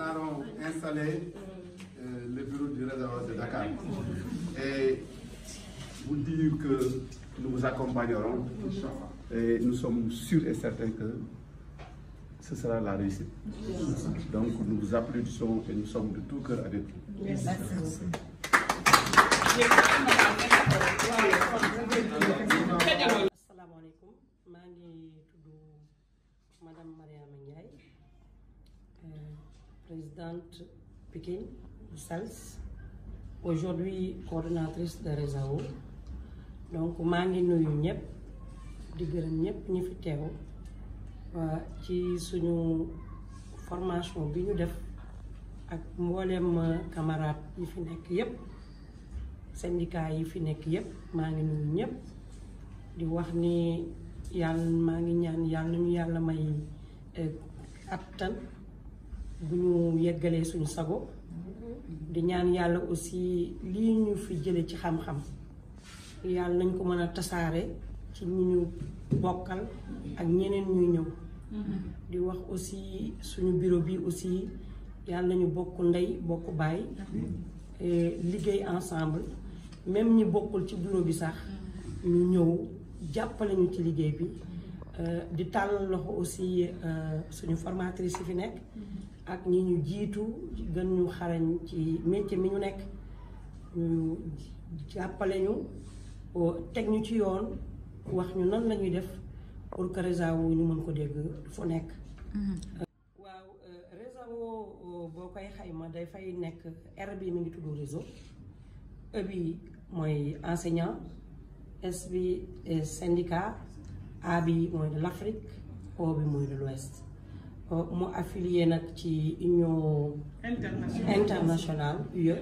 nous avons installé euh, le bureau du réservoir de Dakar. Et vous dire que nous vous accompagnerons. Et nous sommes sûrs et certains que ce sera la réussite. Donc nous vous applaudissons et nous sommes de tout cœur avec vous. Merci. asalaamaaleykum maa ngi tudd madame Mariama Ndiaye euh, président Pékin SALS aujourd'hui coordonnatrice de RESAO donc maa ngi nuyu ñëpp di gërëm ñëpp ñu fi teew ci suñu formation bi ñu def ak mbooleem camarade yi fi nekk yëpp syndicat yi fi nekk yëpp maa ngi nuyu ñëpp di wax ni yàlla maa ngi ñaan yàlla ñu yàlla may eh, attan bu ñu yeggalee suñu sago di ñaan yàlla aussi lii ñu fi jële ci xam-xam yàlla nañ ko mën a tasaare ci ñu ñu bokkal ak ñeneen ñuy ñëw di wax aussi suñu bureau bi aussi yàlla nañu bokk ndey bokk baay liggéey ensemble même ñi bokkul ci bureau bi sax ñu ñëw jàppale ñu ci liggéey bi euh, di tàll loxo aussi euh, suñu formatrice yi fi nekk ak ñi ñu jiitu gën ñu xarañ ci métier mi ñu nekk ñu jàppale ñu teg ñu ci yoon wax ñu nan lañuy def pour que Rezao ñu mën ko dégg fu nekk. Mm-hmm. waaw euh, Rezao boo koy xayma day fay nekk R yi mu ngi tudd réseau E bi mooy enseignant S bi syndicat mooy l'Afrique O bi mooy de l'Ouest Euh, mu affilié nag ci union internationale UE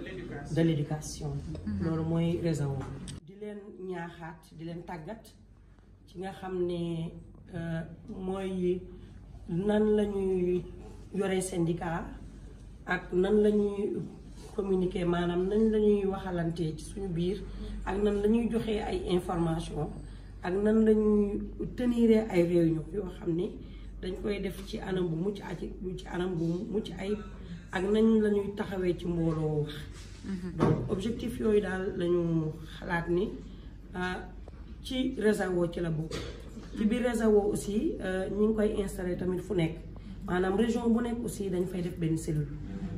de l'éducation mhm. loolu mooy raison di leen ñaaxaat di leen tàggat ci nga xam ne euh, mooy nan la ñuy yoree syndicat ak nan la ñuy communiquer maanaam nan la ñuy waxalantee ci suñu biir ak nan la ñuy joxee ay information ak nan la ñuy tenir ay réunion yoo xam ni dañ koy def ci anam bu mucc a ci anam bu mucc ayib ak nañ la ñuy taxawee ci mbooloo wax mhm. donc objectif yooyu daal lañu xalaat ni ah, ci réseau ci la bokk ci biir réseau aussi euh, ñu ngi koy installé tamit fu nekk maanaam région bu nekk aussi dañ fay def benn cellule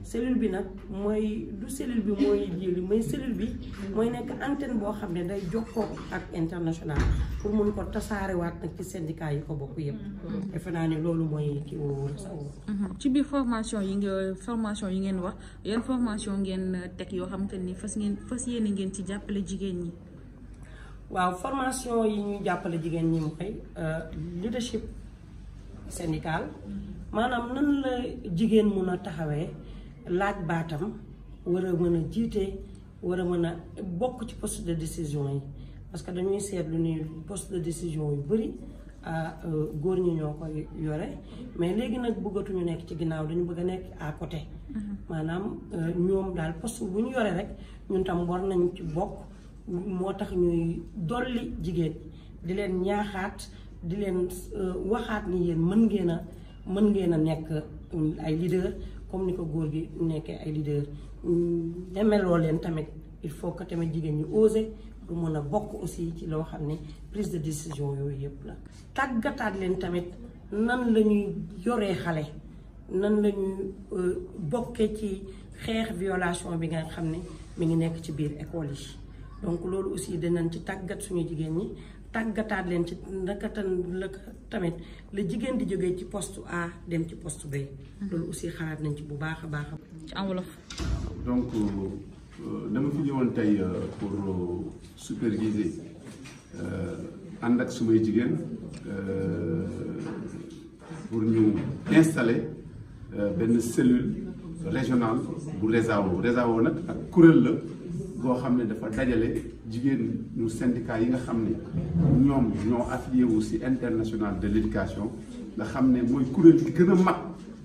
cellule bi nag mooy du cellule bi mooy jéeli mais cellule bi mooy nekk antenne boo xam ne day ko ak international pour mun ko tasaare waat nag ci syndicat yi ko bokk yëpp mm-hmm. defe naa ne loolu mooy kii woowu sa mm-hmm. ci biir formation yi nga formation yi ngeen wax yan formation ngeen teg yoo xam te ni fas ngeen fas yéene ngeen ci jàppale jigéen ñi waaw formation yi ñuy jàppale jigéen ñi mooy euh, leadership syndical mm-hmm. maanaam nan la jigéen mun a taxawee laaj baatam war a mën a jiite war a mën a bokk ci post de décision yi parce que dañuy seetlu ni post de décision yu bëri euh, góor ñi ñoo ko yore mais léegi nag buggatuñu nekk ci ginnaaw dañu bëgg a nekk à côté. Mhm. maanaam euh, ñoom daal poste bu ñu yore rek ñun tam war nañ ci bokk moo tax ñuy dolli jigéen di leen ñaaxaat di leen euh, waxaat ni yéen mën ngeen a. mën ngeen a nekk um, ay leader comme ni ko góor gi nekkee ay leader demeloo um, leen tamit il faut que tamit jigéen ñu oser lu mën a bokk aussi ci loo xam ne prise de décision yooyu yëpp la tàggataat leen tamit nan la ñuy yoree xale nan la ñuy euh, bokkee ci xeex violation bi nga xam ne mu ngi nekk ci biir école yi donc loolu aussi dinañ ci tàggat suñu jigéen ñi tàggataat leen ci naka tamit la jigéen di jógee ci poste A dem ci poste B. loolu aussi xalaat nañ ci bu baax a baax a. ci en wolof. donc euh, euh, dama fi ñëwoon tey euh, pour superviser ànd ak sumay jigéen pour ñu installer benn cellule régionale bu Resao Resao nag ak kuréel la. boo xam ne dafa dajale jigéen ñu syndicat yi nga xam ne ñoom ñoo affilié wu si international de l'éducation nga xam ne mooy kuréel gi gën a mag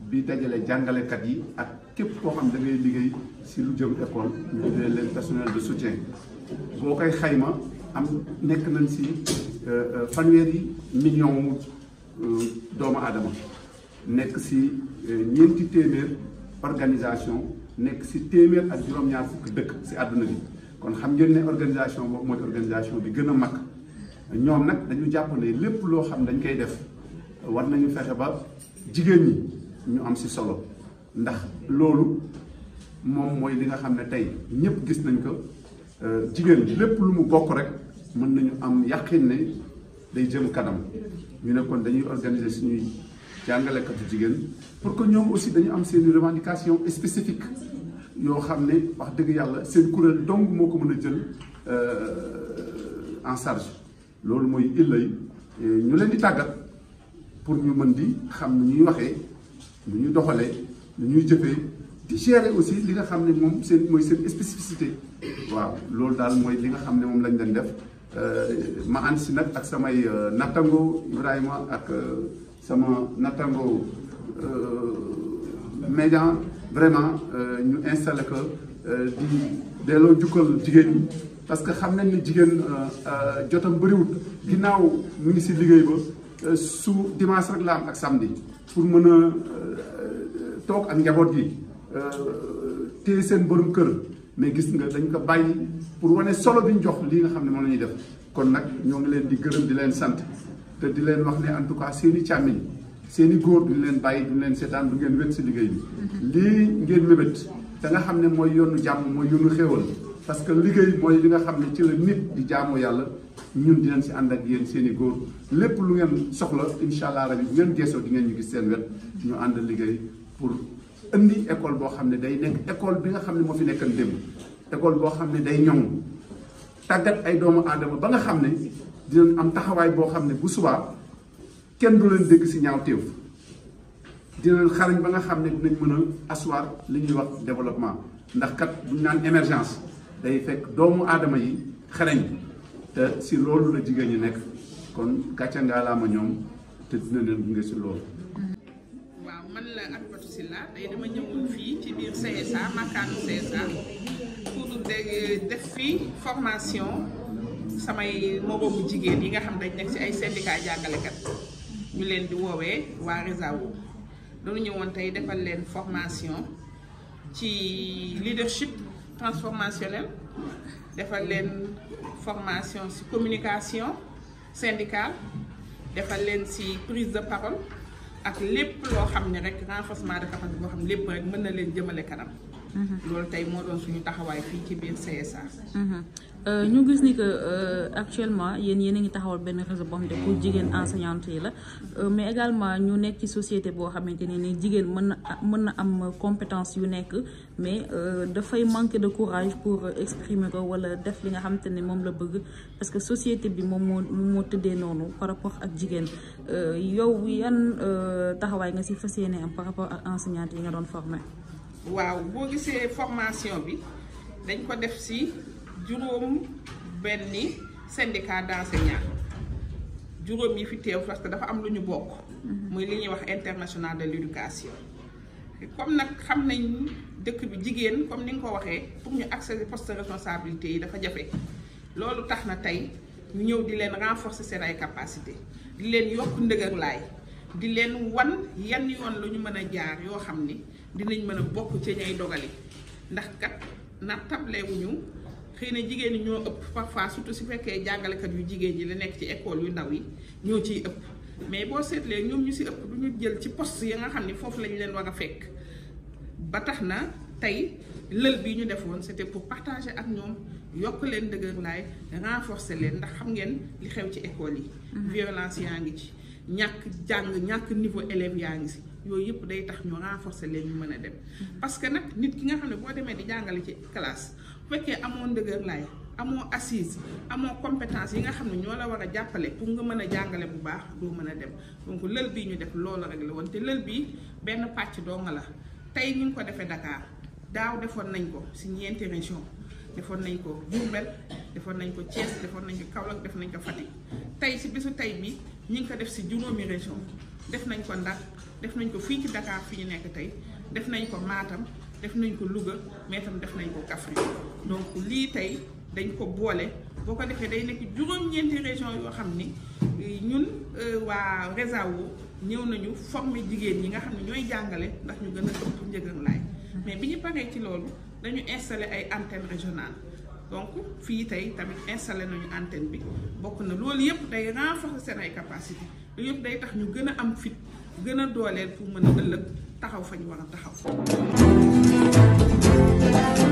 bi dajale jàngalekat yi ak képp koo xam da ngay liggéey si lu jëm école ñu tuddee de soutien boo koy xayma am nekk nañ si euh, euh, fanweeri million euh, doomu aadama nekk si ñeenti téeméer organisation nekk si téeméer ak juróom-ñaar fukk dëkk si àdduna bi kon xam ngeen ne organisation boobu mooy organisation bi gën a mag ñoom nag dañu jàppale lépp loo xam dañ koy def war nañu fexe ba jigéen ñi ñu am si solo ndax loolu moom mooy li nga xam ne tey ñëpp gis nañ ko euh, jigéen lépp lu mu bokk rek mën nañu am yàqin ne day jëm kanam ñu ne kon dañuy organiser suñuy. jàngalekatu jigéen pour que ñoom aussi dañu am seen revendication spécifique yoo xam ne wax dëgg yàlla seen kuréel dong moo ko mën a jël euh, en charge loolu mooy illa ñu leen di tàggat pour ñu mën di xam nu ñuy waxee nu ñu doxalee nu ñuy jëfee di gérer aussi li nga xam ne moom seen mooy seen spécificité waaw loolu daal mooy li nga xam ne moom lañ leen def euh, ma ànd si nag ak samay euh, nattango Ibrahima ak sama nattango euh, médian vraiment euh, ñu installé ko euh, di delloo jukkal jigéen ñi parce que xam nañ ne jigéen jotam bëriwut ginnaaw mu ngi si liggéey ba su dimanche rek la am ak samedi pour mën a toog ak njaboot yi téye seen borom kër mais gis nga dañ ko bàyyi pour wane solo bi ñu jox lii nga xam ne moom la ñuy def kon nag ñoo ngi leen di gërëm di leen sant te di leen wax ne en tout cas seen i càmmiñ seen i góor duñ leen bàyyi duñ leen seetaan du ngeen wét si liggéey bi. Mm-hmm. lii ngeen mébét da nga xam ne mooy yoonu jàmm mooy yoonu xéewal parce que liggéey mooy li nga xam ne ci la nit di jaamoo yàlla ñun dinañ si ànd ak yéen seen góor lépp lu ngeen soxla incha allah rabi ngeen geesoo di ngeen ñu gis seen wet ñu ànd liggéey pour indi école boo xam ne day nekk école bi nga xam ne moo fi nekkan démb école boo xam ne day ñoŋ tàggat ay doomu aadama ba nga xam ne. dinañ am taxawaay boo xam ne bu subaa kenn du leen dégg si ñaaw téew dinañ xarañ ba nga xam ne dinañ mën a asseoir li ñuy wax développement ndax kat buñ naan émergence day fekk doomu aadama yi xarañ te si loolu la jigéen ñi nekk kon gàcce ngaa laa ma ñoom te dina leen gunge si loolu. waaw man la ak Fatou Sylla tey dama ñëwul fii ci biir CSA makkaanu CSA pour def fii formation. samay moroomu jigéen yi nga xam dañ nekk ci ay syndicat jàngalekat ñu leen di woowee waa Resao dañu ñëwoon tey defal leen formation ci leadership transformationnel defal leen formation ci communication syndicale defal leen ci prise de parole ak lépp loo xam ne rek renforcement de capacité boo xam ne lépp rek mën na leen jëmale kanam Mm-hmm. loolu tey moo doon suñu taxawaay fii ci biir CSA. Mm-hmm. Euh, ñu gis ni que euh, actuellement yéen yéen a ngi taxawal benn réseau boo xam ne jigéen enseignante yi la euh, mais également ñu nekk ci société boo xamante ne ni jigéen mën na mën na am compétence yu nekk mais dafay manquer de courage pour exprimer ko wala def li nga xamante ne moom la bëgg parce que société bi moom moo moo tëddee noonu par rapport ak jigéen yow yan taxawaay nga ci fas yéene am par rapport ak enseignante yi nga doon former. waaw boo gisee formation bi dañ ko def ci juróom benni syndicat d'enseignants juróom yi fi teew parce que dafa am lu ñu bokk mhm. muy li ñuy wax international de l'éducation comme nag xam nañ dëkk bi jigéen comme ni nga ko waxee pour ñu accéder poste de responsabilité yi dafa jafe loolu tax na tey ñu ñëw di leen renforcer seen ay capacité di leen yokk ndëgërlaay di leen wan yan yoon la ñu mën a jaar yoo xam ni dinañ mën a bokk ci ñay dogali ndax kat na tableewuñu xëy na jigéen ñoo ëpp parfois surtout su fekkee jàngalekat yu jigéen ñi la nekk ci école yu ndaw yi ñoo ciy ëpp mais boo seetlee ñoom ñu si ëpp du ñu jël ci poste ya nga xam ni foofu lañ leen war a fekk ba tax na tey lël bi ñu defoon c'était pour partager ak ñoom yokk leen dëgër laay renforcer leen ndax xam ngeen li xew ci école yi mm-hmm. violence yaa ngi ci ñàkk jàng ñàkk niveau élèves yaa ngi si yooyu yëpp day tax ñu renforcer leen ñu mën a dem parce que nag nit ki nga xam ne boo demee di jàngale ci classe bu fekkee amoo ndëgër laay amoo assise amoo compétence yi nga xam ne ñoo la war a jàppale pour nga mën a jàngale bu baax doo mën a dem donc lël bii ñu def loolu rek la woon te lël bii benn pàcc dong la tey ñu ngi ko defee Dakar daaw defoon nañ ko si ñeenti région defoon nañ ko Diourbel defoon nañ ko Thiès defoon nañ ko Kaolack def nañ ko Fatick ñi ngi ko def si juróomi région def nañ ko ndax def nañ ko fii ci Dakar fi ñu nekk tey def nañ ko maatam def nañ ko Louga mais tam def nañ ko Kaffrine donc lii tey dañ ko boole boo ko defee day nekk juróom-ñeenti région yoo xam ni ñun euh, waa Resao ñëw nañu former jigéen ñi nga xam ne ñooy jàngale ndax ñu gën a ëpp njëgan laay mais bi ñu paree ci loolu dañu installé ay antenne régionale donc fii tey tamit installé nañu antenne bi bokk na loolu yëpp day renforcer seen ay capacité loolu yëpp day tax ñu gën a am fit gën a dooleel pour mën a ëllëg taxaw fa ñu war a taxaw